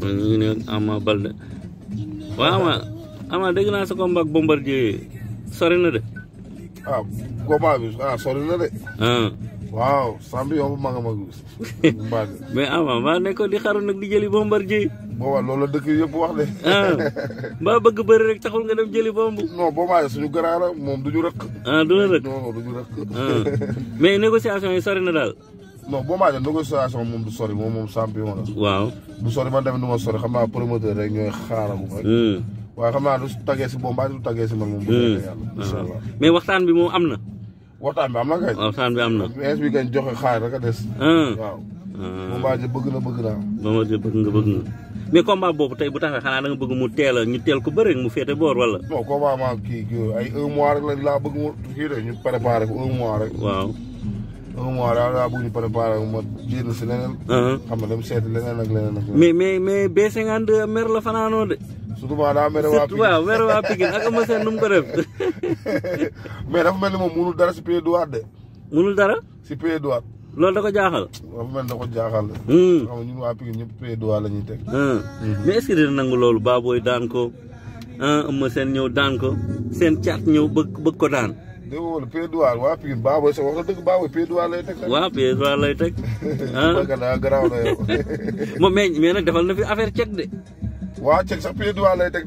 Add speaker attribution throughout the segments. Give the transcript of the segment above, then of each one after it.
Speaker 1: ñu ngi ne Ama Balde waaw Ama Ama dégg naa sa combat ak Bombardier sori na de. ah combat bi ah sori na de. Ah.
Speaker 2: waaw Samb yow ma nga ma gis.
Speaker 1: mais Ama maa nekkoon di xaru nag di jëli Bombardier. booba loolu ah. bëgg bëri rek taxul nga dem jëli bomb.
Speaker 2: non boobaa suñu garaara moom du rëkk.
Speaker 1: ah du rëkk non non du ñu rëkk. Ah. na daal.
Speaker 2: non Booma de négociation moom du sori moom moom champion la.
Speaker 1: waaw du sori
Speaker 2: man tamit du sori xam promoteur rek ñooy xaaragu rek. Hmm. waaye xam naa du tagee si du man bu hmm. ah.
Speaker 1: mais bi mom am na. bi am kay. waxtaan bi am na. bi kañ
Speaker 2: joxe xaar rek des.
Speaker 1: Hmm. waaw. Ah. Booma de bëgg na bëgg naa. Booma de bëgg nga bëgg nga. mais combat boobu tey bu taxee xanaa da nga bëgg mu teel ñu teel ko bëri mu féete boor wala. non combat maa
Speaker 2: kii ay un mois rek la bëgg mu ñu ko mois rek. waaw. un mois daal daa bëgg ñu préparer ma jéem si leneen. Uh-huh. xam nga dem seeti leneen ak leneen ak
Speaker 1: mais mais mais B52 mer la fanaanoo de. surtout daa mer waa Pikine ak Eumeu Sène nu ko
Speaker 2: def. mais dafa mel ni moom munul dara si pied droit dara. si pied droit.
Speaker 1: loolu da ko jaaxal.
Speaker 2: mel da ko jaaxal. Hmm. xam nga ñun la ñuy teg.
Speaker 1: Hmm. Hmm. mais est-ce que daan ko ah seen Sène ñëw daan ko seen caat ñëw bëgg bëgg ko daan.
Speaker 2: dégg nga wala Pays Douar waa Pire Baboy sa wax na dëgg Baboy lay teg. waaw
Speaker 1: Pays Douar lay teg. ah na defal na fi affaire cek de.
Speaker 2: waaw cek sax Pays lay teg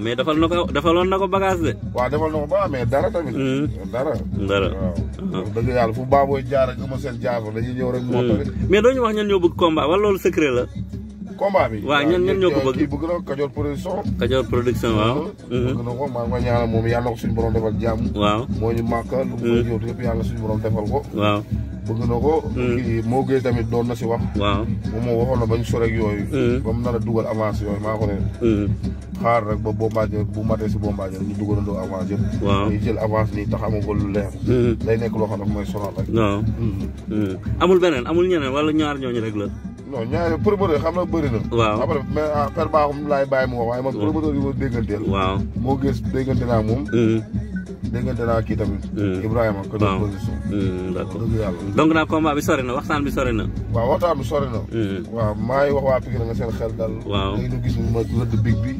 Speaker 1: mais defal na ko defaloon na ko bagage de.
Speaker 2: waaw defal na ba mais dara tamit. Hmm. dara
Speaker 1: dara waaw. Uh-huh.
Speaker 2: dëgg yàlla fu jaar ak Eumeu Sène jaar ñëw rek. moo hmm. tamit
Speaker 1: mais doo wax ñoo bëgg combat wala loolu secret la. combat bi waaw ñan ñan ñoo bëgg bëgg na Kajoor production Kajoor production waaw bëgg
Speaker 2: mhm. ko maa ngi ñaanal moom yàlla ko suñu borom defal jàmm waaw moo ñu màkk lu mhm. yëpp suñu borom defal ko waaw bëgg na ko mhm. gëy tamit doon na wax waaw bañ sore ak yooyu ba mu nar a avance yooyu maa ko ne xaar rek ba bu si bombardier ñu dugalandoo avance yëpp jël avance nii tax amagul lu leer day nekk loo xam ne sonal
Speaker 1: rek waaw amul benen, amul ñeneen wala ñaar ñooñu rek la non ñaari promoteur xam na bëri na.
Speaker 2: waaw après per baaxum laay bàyyi mu wax waaye man promoteur yi ma dégganteel. waaw moo gis déggante naa moom. Mm. déggante naa kii tamit. Euh. Ibrahima ko def position. Euh, d'accord dëgg yàlla.
Speaker 1: donc nag combat bi sori na waxtaan bi sori na.
Speaker 2: waaw waxtaan bi sori na. Euh. waaw maa ngi wax waa Pikine nga seen xel dal. waaw léegi ñu gis ñu ma rëdd big bi.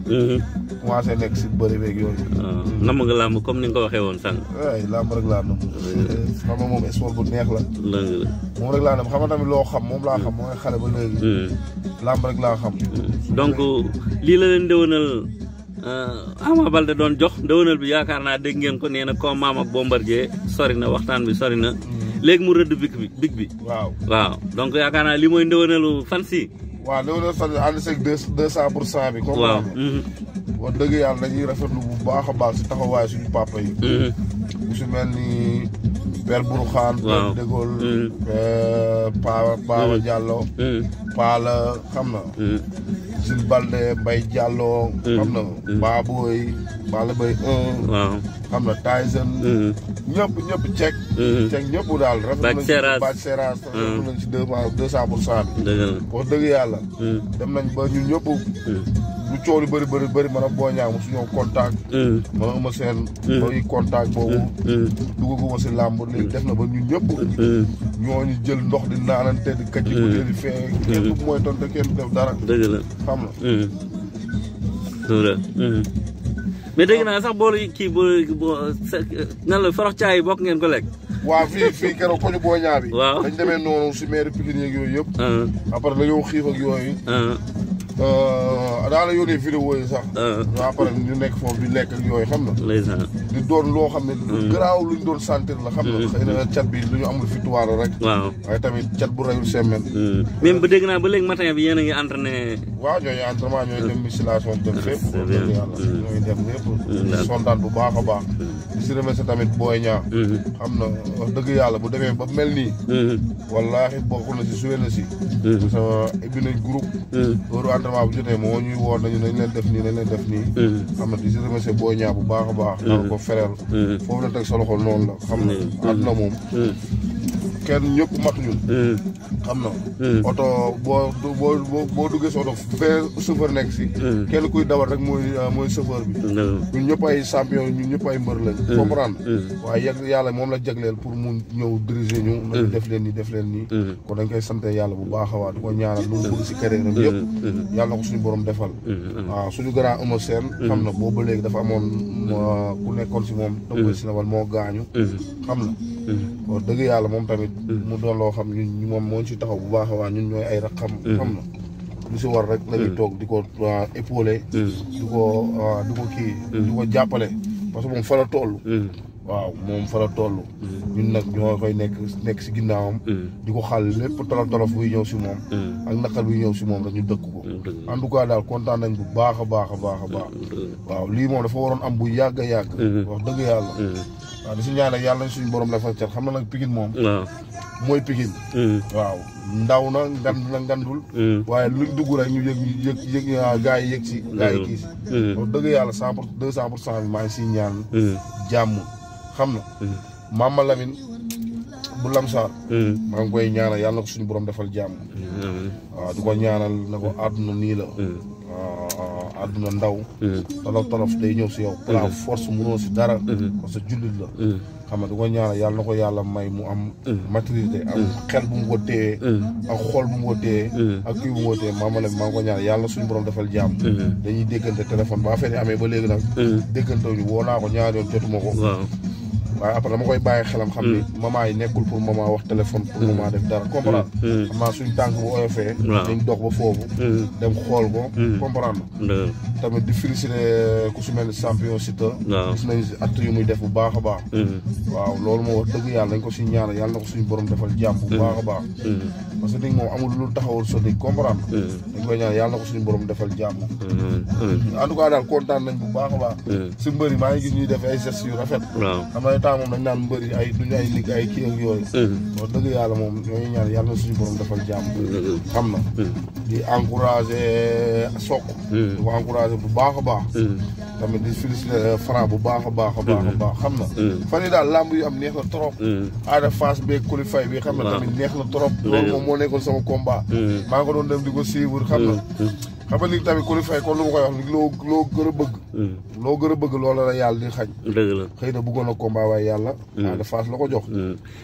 Speaker 2: commencé nekk si bëri beeg nga
Speaker 1: làmb comme ni nga ko waxee woon sànq.
Speaker 2: waay làmb rek laa nam. moom bu neex la. dëgg moom rek laa nam xam nga tamit loo xam moom laa xam mooy xale ba léegi. làmb rek laa xam.
Speaker 1: donc lii la leen déwénal. Ah. Ama Balde doon jox ndëwënal bi yaakaar naa dégg ngeen ko nee na comme maam ak Bombardier sori na waxtaan bi sori na. Hmm. léegi mu rëdd big bi big bi. waaw waaw donc yaakaar naa li mooy ndëwënalu fan si.
Speaker 2: waaw ndëwënal fan ànd seeg deux cent pour cent bi. waaw hmm. wax dëgg yàlla dañuy rafetlu bu baax a baax si taxawaay suñu papa yi. bu hmm. si mel ni Père Buruxaan. waaw Père xam na. Jules Balde Mbaye Diallo. Mm. xam na mm. Baboy Balla Boy 1. waaw xam nga Tyson. Mm-hmm. ñëpp ñëpp cek. Mm-hmm. cek ñëpp daal rafet nañ si bàcc seeraas rafet mm-hmm. nañ si deux deux cent pour cent bi. dëgg yàlla. dem nañ ba ñun ñëpp. lu coow li bëri bëri bëri a booñaa mosu ñëw contact. mën a ëmb seen. booy contact boobu. duggaguma si làmb léegi def na ba ñun ñëpp. ñooñu jël ndox di naanante di kàcc. di fee kenn mooy tonte kenn def dara. dëgg la
Speaker 1: xam nga. mais dégg naa sax boolu kii boo boo nan la forox caay bokk ngeen ko lekk. waaw fii fii keroog
Speaker 2: koñu boo ñaa bi. waaw dañ demee noonu si mairie Pikine yeeg yooyu yëpp. après dañoo xiif ak
Speaker 1: yooyu.
Speaker 2: naa la yónnee vidéo yi sax. waaw ah. pare ñu nekk foofu bi lekk ak yooyu xam na. di doon loo xam ne. Mm. garaaw luñ doon sentir la. xam ne na mm. xëy na cat bi lu ñu amul fi tuwaar rek. waaw waaye tamit cat bu rayul semaine. Mm.
Speaker 1: même ba dégg naa ba léegi matin bi yéen a ngi entraîné.
Speaker 2: waaw ñooñu entraînement ñooy dem musculation dem ah, fépp. c' est bien ñooy dem lépp. kontaan bu baax a baax. di si remercier tamit Boy ñaa mhm. xam na wax dëgg yàlla bu demee ba mel nii mhm. wallaahi bokk na si suwe na si parce que ibbi nañ groupe mhm. heure entraînement bu jotee moo ñuy woon nañu nañ leen def nii nañ leen def nii xam na di si remercier Boy Niang bu baax baax naan ko fereel foofu la teg sa loxo noonu la xam na àdduna moom kenn ñëpp mag ñun. Hmm. xam na hmm. oto boo boo boo duggee si oto fee chauffeur nekk si. Hmm. kenn kuy dawal rek mooy ah, mooy chauffeur bi.
Speaker 1: ñun
Speaker 2: ñëpp ay champion ñun ñëpp ay mbër lañ. comprendre waaye yàgg yàlla moom la jagleel pour mu ñëw diriger ñu. nañu def leen nii def leen nii. kon dañ koy sant yàlla bu baax a waat di ko ñaanal mu bëgg si carrière yàlla ko suñu borom defal. waaw ah, suñu grand Eumeu Sène. xam na boobu ba léegi dafa amoon ah, ku nekkoon si moom. dëgg si wal moo gaañu. xam na. Mm-hmm. wax dëgg yàlla moom tamit mm-hmm. mu doon loo xam ñun moom moo ci taxaw bu baax a baax ñun ñooy ay raxam mm-hmm. xam na lu si war rek lañuy toog di ko ah, épaulé di ko ah, di ko kii di ko jàppale parce que moom fa la toll waaw moom fa la toll ñun nag ñoo koy nekk nekk si ginnaawam di ko xal lépp tolof tolof buy ñëw si moom ak naqar bi ñëw si moom rek ñu dëkk ko en tout cas daal kontaan nañ bu baax a baax a baax a baax waaw lii moom dafa waroon am bu yàgg a yàgg
Speaker 1: wax dëgg yàlla
Speaker 2: waaw di si ñaanal yàlla suñu borom la fa cat xam na nag Pikine moom. waaw mooy Pikine. Mm. waaw ndaw na ngand na ngandul. Mm. waaye luñ dugg rek ñu yëg yëg yëg ah, gars yi yëg si. Mm. gars yi si. dëgg yàlla cent pour deux cent pour maa ngi siy ñaan. jàmm xam na. Mama Lamine bu Lamsaar. maa ngi koy ñaanal yàlla na ko suñu borom defal jàmm. waaw di ko ñaanal na ko àdduna nii àdduna ndaw mm-hmm. tolof tolof day ñëw si yow par mm-hmm. force mënoo si dara mm-hmm. parce que jullit la xam nga di ko ñaanal yàlla ko yàlla may mu am maturité ak xel bu mu ko téyee ak xol bu mu ko téyee ak kii bu mu ko téyee maama nag maa ngi ko ñaanal yàlla suñu borom defal jàmm dañuy déggante téléphone ba affaire yi amee ba léegi nag déggante wuñu woo naa ko ñaari yoon jotuma ko waaye après dama koy bàyyi xelam xam ni hmm. maman yi nekkul pour maman wax téléphone pour maman hmm. def dara comprendre hmm. xam naa suñ tànk bu oyofee dañ dox ba foofu dem xool ko comprendre tamit di féliciter ku su mel ni champion Siteu gis nañ at yu muy def bu baax a baax waaw loolu moo wax dëgg yàlla dañ ko si ñaanal yàlla na ko suñu borom defal jàmm bu baax a baax parce que nit moom amul lu taxawal Sonic comprendre. Mm. dañ koy ñaan yàlla na ko suñu borom defal jàmm.
Speaker 1: Mm, mm.
Speaker 2: en tout cas daal kontaan nañ bu baax a baax. si mbëri maa ngi gis ñuy def ay gestes yu rafet. waaw xam nga temps moom dañ naan mbëri ay duñu ay ligg ay kii ak yooyu. wax dëgg yàlla moom ñooñu ñaan yàlla na suñu borom defal jàmm. xam na. di encouragé Sokh. di ko bu baax a baax. tamit di félicité euh, Franc bu baax a baax a baax a mhm. baax xam na mhm. fan yi daal lamb yu am neex na trop aada mhm. face beeg qualifié bii xam na tamit neex na trop loolu moom moo nekkoon sama komba maa nga doon dem di ko suivre xam na xam nga ni tamit qualifié kon lu ma koy wax ni loo loo gën bëgg loo gën a bëgg loola la yàlla di xañ la xëy na buggoon a combat waaye yàlla aada face la ko jox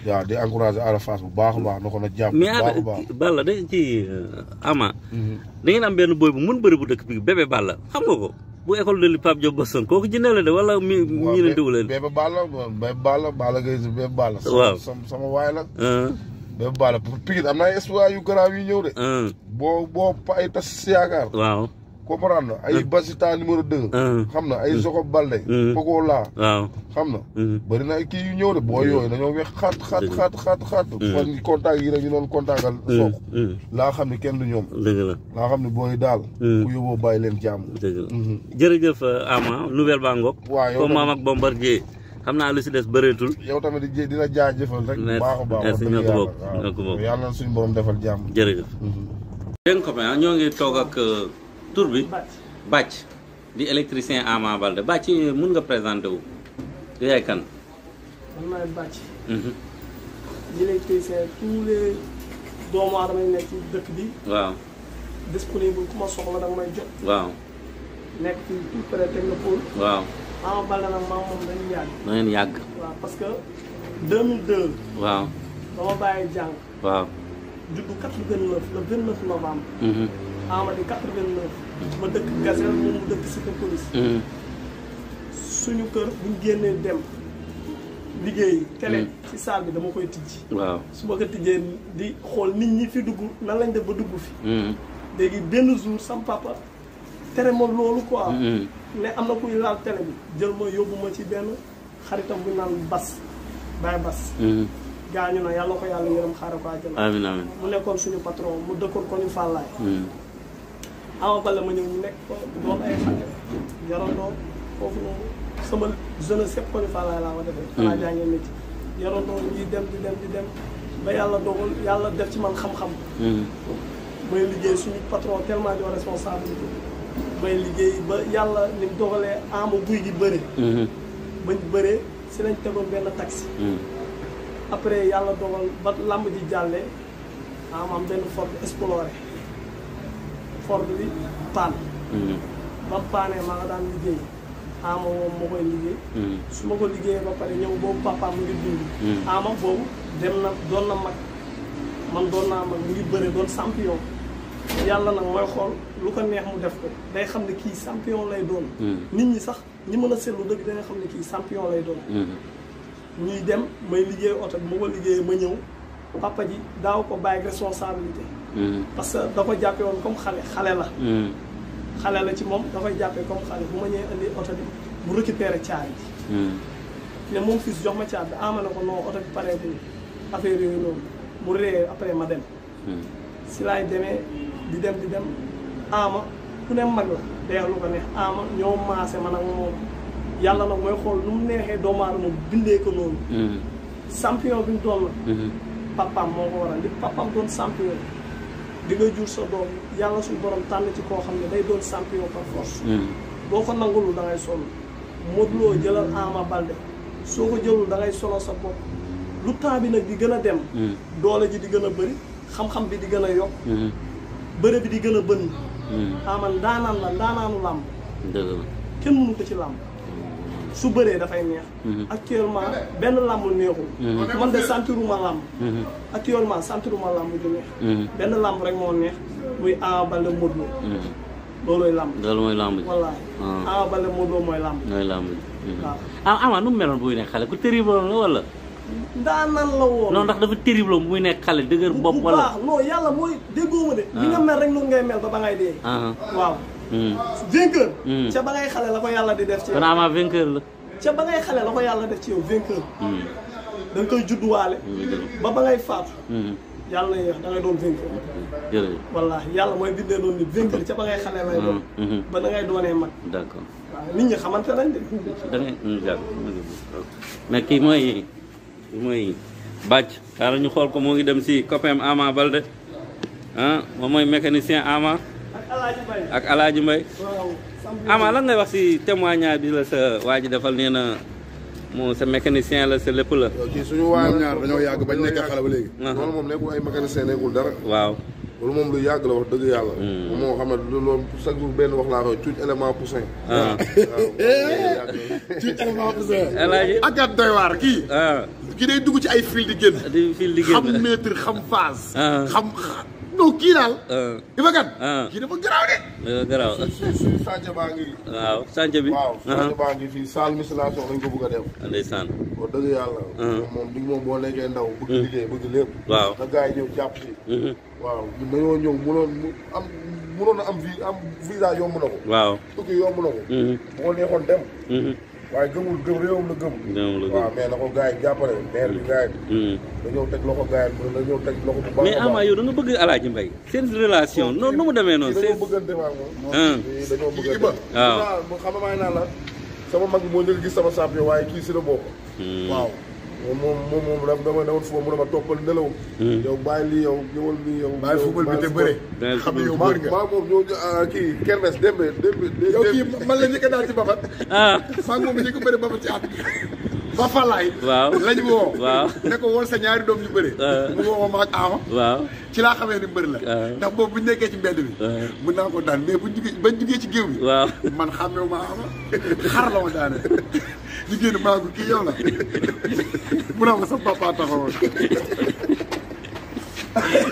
Speaker 2: waaw di encouragé aada face bu baax baax na ko na jàpp mais aada
Speaker 1: Balla da ci euh, ama da ngeen am benn booy bu mën bëri dëkk bi bébé Balla xam nga bu école de li Pape Diop Boston kooku jinne la de wala mi miinantewu leen.
Speaker 2: waaw Bébé Balla Balla Gaye Bébé Balla. waaw sama waay la. Ah. Bébé Balla pour Pikine am na ay de. Ah. boo boo ay tas si waaw. comprendre na ay ah. Basita numéro deux ah. xam na ay Soxob ah. Balde Pogola waaw xam na bëri na kii yu ñëw de booy yooyu dañoo weex xaat xaat xaat xaat xaat man
Speaker 1: contact yi rek
Speaker 2: laa xam ne kenn du ñoom la laa xam ne booy daal ku yóbboo bàyyi leen jàmm dëgg la mhm.
Speaker 1: jërëjëf euh, Ama nouvelle ba ngoog waaw yow comme ak Bombardier xam naa lu si des bëreetul. yow tamit di dina jaajëfal rek. baax a baax merci ñoo ko bokk ñoo ko bokk
Speaker 2: yàlla suñu borom defal jàmm.
Speaker 1: jërëjëf. dégg nga ko ñoo ngi toog ak. Euh, tour bi bàcc di électricien Ama balde bàcc mën nga présenter wu di yaay kan man ma maay hmm
Speaker 3: di électricien tous les doomu adama yi nekk ci dëkk bi waaw disponible kuma soxla dama may jot waaw nek ci tout près technopole waaw Ama balde nak ma mom dañu yag da ngeen yàgg waaw parce que 2002 waaw dama baye jang waaw juddu 89 le 29 novembre mhm. Ama di 89 ma dëkk Gazel moom mu dëkk Cité Police mm. suñu kër buñ génnee dem liggéey télé mm. ci salle bi dama koy tijji waaw su ma ko tijjee di xool nit ñi fi dugg nan lañ def ba dugg fi mm. léegi benn jour sam papa tere ma loolu quoi ne am na kuy laal télé bi jël ma yóbbu ma ci benn xaritam bu naan bas baay bas gaañu na yàlla ko yàlla yërëm xaaral ko àjjana amiin mu nekkoon suñu patron mu dëkkoon ko ñu fàllaay avant bala ma ñëw ñu nekk ko doon ay xale yarandoo foofu noonu sama jeunesse yëpp Koni Fala laa ko defee. xanaa hmm. jàngee métier yarandoo ñuy dem di dem di dem ba yàlla dogal yàlla def ci man xam-xam. Hmm. may liggéey suñu patron tellement de responsabilité may liggéey ba yàlla ni mu dogalee ama guy gi bëre. Hmm. bañ bëree si lañ tegoon benn taxi. après yàlla dogal ba làmb ji jàllee am am benn Ford Explorer. Ford bi paan mhm. ba paanee maa nga daan liggéey ama moom moo koy liggéey mhm. su ma ko liggéeyee ba pare ñëw boobu papa mu ngi dund mhm. ama boobu dem na doon na mag man doon naa mag mu ngi bëre doon champion yàlla nag mooy xool lu ko neex mu def ko day xam ne kii champion lay doon nit ñi sax ñi mën a seetlu dëgg da nga xam ne kii champion lay doon ñuy dem may liggéey oto bi ma ko liggéeyee ma ñëw papa ji daaw ko bàyyi ak responsabilité. Mm-hmm. parce que da ko jàppee woon comme xale xale la. Mm-hmm. xale la ci moom da koy jàppee comme xale bu ma ñëwee indi oto bi mu récupéré caabi ji.
Speaker 1: Mm-hmm.
Speaker 3: ne moom fils jox ma caabi bi ama ah, na ko non oto bi pareegul affaire yooyu noonu mu réer après ma dem. si laay demee di dem di dem ama ah, ku ne mag la day lu ko ne ama ah, ñoo maase man ak moom yàlla nag mooy xool nu mu neexee doomu aadama bindee ko noonu. champion bi mu doon la. papaam moo ko waral li papaam doon champion di nga jur sa doom yàlla suñu borom tànn ci koo xam ne day doon champion par force hmm. boo ko nangulul da ngay sonn Modou Lo jëlal Ama Baldé soo ko jëlul da ngay sa bopp lu temps bi nag di gën a dem hmm. doole ji di gën a bëri xam-xam bi di gën a yokk hmm. bëre bi di gën a bënn amal ndaanaan la ndaanaanu làmb kenn mënu ko ci làmb su bëree dafay neex. Mhm. actuellement ah benn làmb neexul. Mhm. man de sentiruma làmb. Mhm. actuellement sentiruma làmb du benn làmb rek moo neex muy Ama Baldé Modou Lo. loolooy làmb. loolu
Speaker 1: mooy làmb ji nu mu meloon buy nekk xale ku terrible la wala.
Speaker 3: daa nan la woon. non ndax
Speaker 1: dafa terrible bu nekk xale dëgër bopp. wala
Speaker 3: bu yàlla mooy déggoo ma de. li nga ah. mel rek noonu ngay mel ba ba ngay dee. Ah.
Speaker 1: waaw. vainqueur hmm. ca
Speaker 3: ba ngay xale la ko yàlla di def ci yow.
Speaker 1: kon la.
Speaker 3: ca ba ngay xale la ko yàlla def ci yow vainqueur. Hmm. da koy judduwaale. Hmm, ba ba ngay faatu. yàlla na yéex yàlla mooy bindee doon ni vainqueur ca ba ngay xale lay doon. ba da ngay doonee mag. d' accord waaw nit ñi xamante nañ de.
Speaker 1: da mais kii mooy mooy bàcc. xaaral ñu xool ko moo ngi dem si copain Ama Balde ah moom mooy mécanicien Ama.
Speaker 3: ak alaaji mbay ama la ngay wax
Speaker 1: si témoignage bi la sa waa ji defal nee na moom sa mécanicien la sa lépp la kii
Speaker 2: suñu waa ñaar dañoo yàgg bañ nekk xale ba léegi loolu moom nekkul ay mécanicien nekkul dara waaw loolu moom lu yàgg la wax dëgg yàlla hmm. moo xam ne loolu chaque jour benn wax laa koy tuuti élément poussin
Speaker 1: ah. waaw
Speaker 2: tuuti élément poussin alaaji waar kii ah. kii day dugg ci ay fil di génn di fil di génn xam mètre xam phase ah. xam non kii daal. Euh. Iba Kane. Euh. kii dafa garaaw de. Euh, garaaw si si Sadio baa ngi. waaw Sadio bi. waaw uh-huh. Sadio baa ngi fii salle musculation lañ ko bëgg
Speaker 1: a dem. ndeysaan.
Speaker 2: wax dëgg yàlla. Uh-huh. moom li moom boo nekkee ndaw. bëgg uh-huh. liggéey bëgg lépp. waaw na gars ñëw jàpp si. waaw ñun dañoo ñëw mënoon mu am mënoon a am vi am visa yomb na ko. waaw tukki yomb na ko. bu neexoon dem. waaye gëmul gëm réewam la gëm. réewam la gëm waaw mais na ko gars yi jàppale maire bi gars yi. dañoo hmm. teg loxo gars yi dañoo teg loxo
Speaker 1: bu baax mais Ama yow da nga bëgg Alaaji Mbaye seen relation noonu nu mu demee noonu. seen
Speaker 2: dañoo bëggante hmm. waaw moom. dañoo bëggante xam nga maa ngi la sama mag moo njëkk sama champion waaye kii si la bokk. Hmm. waaw. moom moom moom moom daf dama demoon foofu mu dama toppal nelaw. Hmm. yow bàyyi lii yow ñëwal lii yow. bàyyi football bi te bëre.
Speaker 3: xam ne yow bëri nga maa
Speaker 2: moom ñoo ah, kii kermes démb démb. yow kii man la njëkk a daal ci babat. ah maa moom njëkk a bëri babat ci at ba falaay
Speaker 1: waaw lañ woo waaw
Speaker 2: ne ko woon sa ñaari doom ñu bëri ah. mu woo ma ak Ama waaw ci laa xamee ni mbëri la ah. ndax boobu bu ñu nekkee ci mbedd bi mën naa ko daan mais bu jugee ba jugee ci géew bi waaw man xàmmewu ma Ama xar la ma daane jigéen
Speaker 1: maa ngi kii yow la mu ne ko sa papa taxawoon.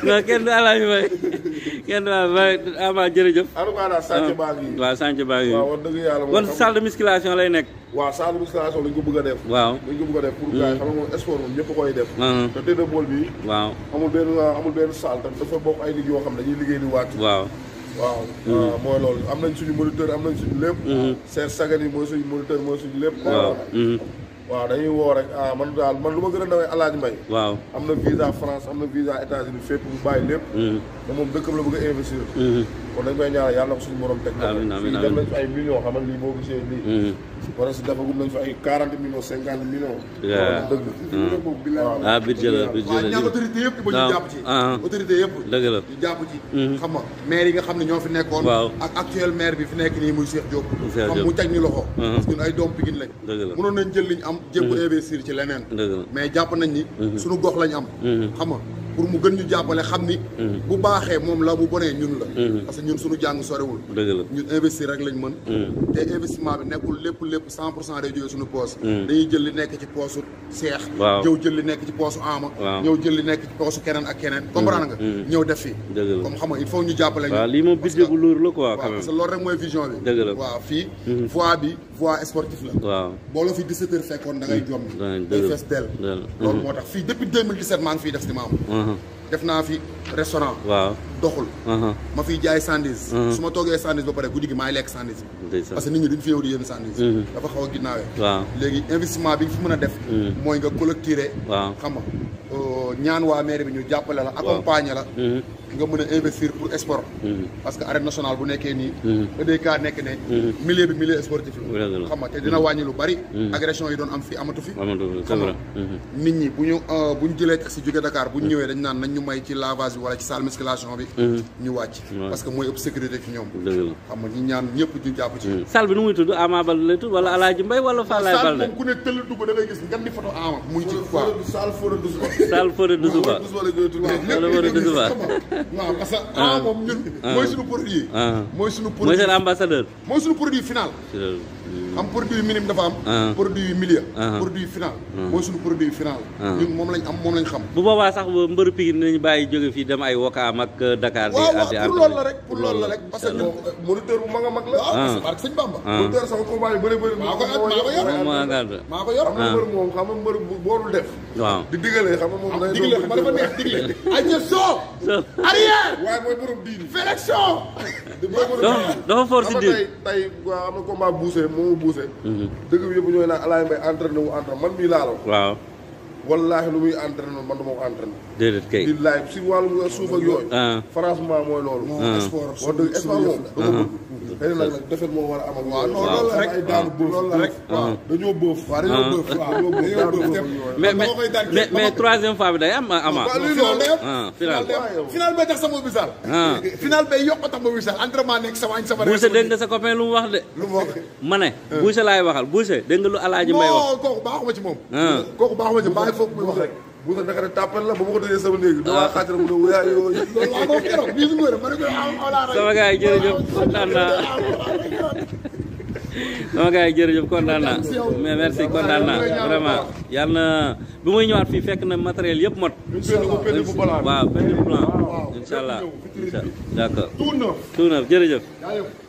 Speaker 1: non kenn du alaaji may kenn du alaaji may ama jërëjëf. a tout cas daal sànq baa ngi. waaw sànq baa ngi.
Speaker 2: dëgg yàlla moom kon salle
Speaker 1: de musculation lay nekk. waaw salle de musculation lañ ko bëgg def. waaw
Speaker 2: lañ ko bëgg a def pour gars yi mm. xam nga moom sport moom ñëpp koy def. Ah. te tëdd bool bi. waaw amul benn amul benn salle tam ay nit yoo xam dañuy liggéey di wàcc. waaw. Hmm. waaw mooy loolu am nañ suñu moniteur am nañ suñu lépp. Seer hmm. Sagane yi mooy suñu moniteur mooy suñu lépp. waaw hmm. waaw dañuy woo rek ah, man daal man lu ma gën a nawee Alaaji Mbaye waaw am na visa France am na visa États-Unis fépp bu bàyyi lépp mm-hmm. te moom dëkkam la bëgg a investir mm-hmm. kon dañ koy ñaanal yàlla ay a mm-hmm. si defagum nañ quarante millions cinquante millions
Speaker 1: dëgg mm. la ah budget la budget la ñaan autorité yëpp ba
Speaker 2: ñu jàpp ci ah. autorité yëpp dëgg la ñu jàpp ci xam nga maire yi nga xam ne ñoo fi nekkoon waaw ak actuel maire bi fi nekk nii muy Cheikh Diop xam mu teg ñu loxo parce ay doom Pikine lañ mënoon am. jéem mhm. investir ci leneen. mais jàpp nañ ni. Mhm. sunu gox lañ am. Mhm. xam pour mu gën ñu jàppale xam ni. Mhm. bu baaxee moom la bu bonee ñun la. Mhm. parce que ñun suñu jàng sorewul. ñun investir rek lañ mën. Mhm. te investissement bi nekkul lépp lépp cent pour cent day jógee suñu dañuy jël li nekk ci poosu seex. waaw ñëw jël li nekk ci poosu ama. ñëw jël li nekk ci poosu keneen ak keneen. comprendre nga. ñëw def fii. comme xam nga il faut ñu jàppale. waaw lii moom budget bu lourd la quoi. quand parce que loolu rek mooy vision bi. dëgg la fii. voie bi voie sportive la. waaw boo la fi 17 heures da ngay jom. da ngay dëgg la loolu moo tax fii depuis 2017 ngi fiy def si def naa fi restaurant waaw doxul uh-huh. ma fi jaay sandis uh-huh. su ma toogee sandis ba pare guddi gi maay lekk sandis bi parce que nit ñi duñ fi yow sandis dafa xaw a ginnaawee léegi investissement bi fi mën a def uh-huh. mooy nga collecter waaw xam nga euh, ñaan waa mairie bi ñu jàppale la accompagner la nga mën a investir pour sport parce que arène nationale bu nekkee nii EDK nekk ne milieu bi milieu sportif
Speaker 1: la xam nga te dina wàññi
Speaker 2: lu bari agression yi doon am fii amatu fi xam nit ñi bu ñu euh, bu ñu jëlee taxi jóge Dakar bu ñu ñëwee dañ
Speaker 1: bi Uhum. ñu wàcc parce que mooy ëpp sécurité ci ñoom xam nga ñu ñaan ñëpp ñu jàpp ci salle bi nu muy tudd Ama Baldé lay tudd wala Alaaji Mbay wala Falaay Baldé moom ku ne
Speaker 2: tëll dugg da ngay gis nga ni photo Ama muy ci quoi salle Fodé Doussouba salle Fodé Doussouba wala Fodé Doussouba waaw parce que ah. Ama moom ñun ah. mooy suñu produit ah.
Speaker 1: mooy suñu produit mooy seen ambassadeur
Speaker 2: mooy suñu produit final am produit minimum dafa am. Ah. produit milieu. Ah. produit ah. moom lañ xam.
Speaker 1: bu boobaa sax mbëru Pikine nañu bàyyi jóge fii dem ay Wakaam ak euh, Dakar. di àndi ànd waaw pour la rek pour loolu la rek. parce que ñun
Speaker 2: euh, moniteur bu mag a mag la. waaw parce
Speaker 1: que sëñ Bamba. moniteur
Speaker 2: sama combat yi bëri xam mbër moom xam mbër bu def. waaw di digalee xam moom day. digle xam dafa neex digle. ayca waa am na combat buusee moo buuse mhm. dëgg bi yëpp ñooy naan Alaay Mbay entraîné wu entraîné man mii laalo waaw wallaahi lu muy entraîné man dama ko entraîné déedéet kay si wàllum suuf ak yooyu ah. franchement mooy loolu ah. sport wax dëgg sport xëy na a amal. waaw loolu la rek ay daanu boof loolu la rek. waaw ah.
Speaker 1: mais mais mais troisième fois bi day ah, ah.
Speaker 2: yokk tax ma wisaal entraînement nekk sama añ sama. Boucher dégg
Speaker 1: nga sa copain lu mu wax de. lu mu laay waxal Boucher dégg nga lu Alaaji Mbay wax. non
Speaker 2: kooku baaxuma ci moom. kooku baaxuma ci bàyyi foofu muy wax rek.
Speaker 1: bu sax naka ne tàppal la ba ma ko
Speaker 2: dajee sama néeg. waaw damaa
Speaker 1: xaajal mu ne vraiment yàlla na bu may ñëwaat fii fekk na matériel yëpp mot. waaw benn bu blanc. waaw incha allah incha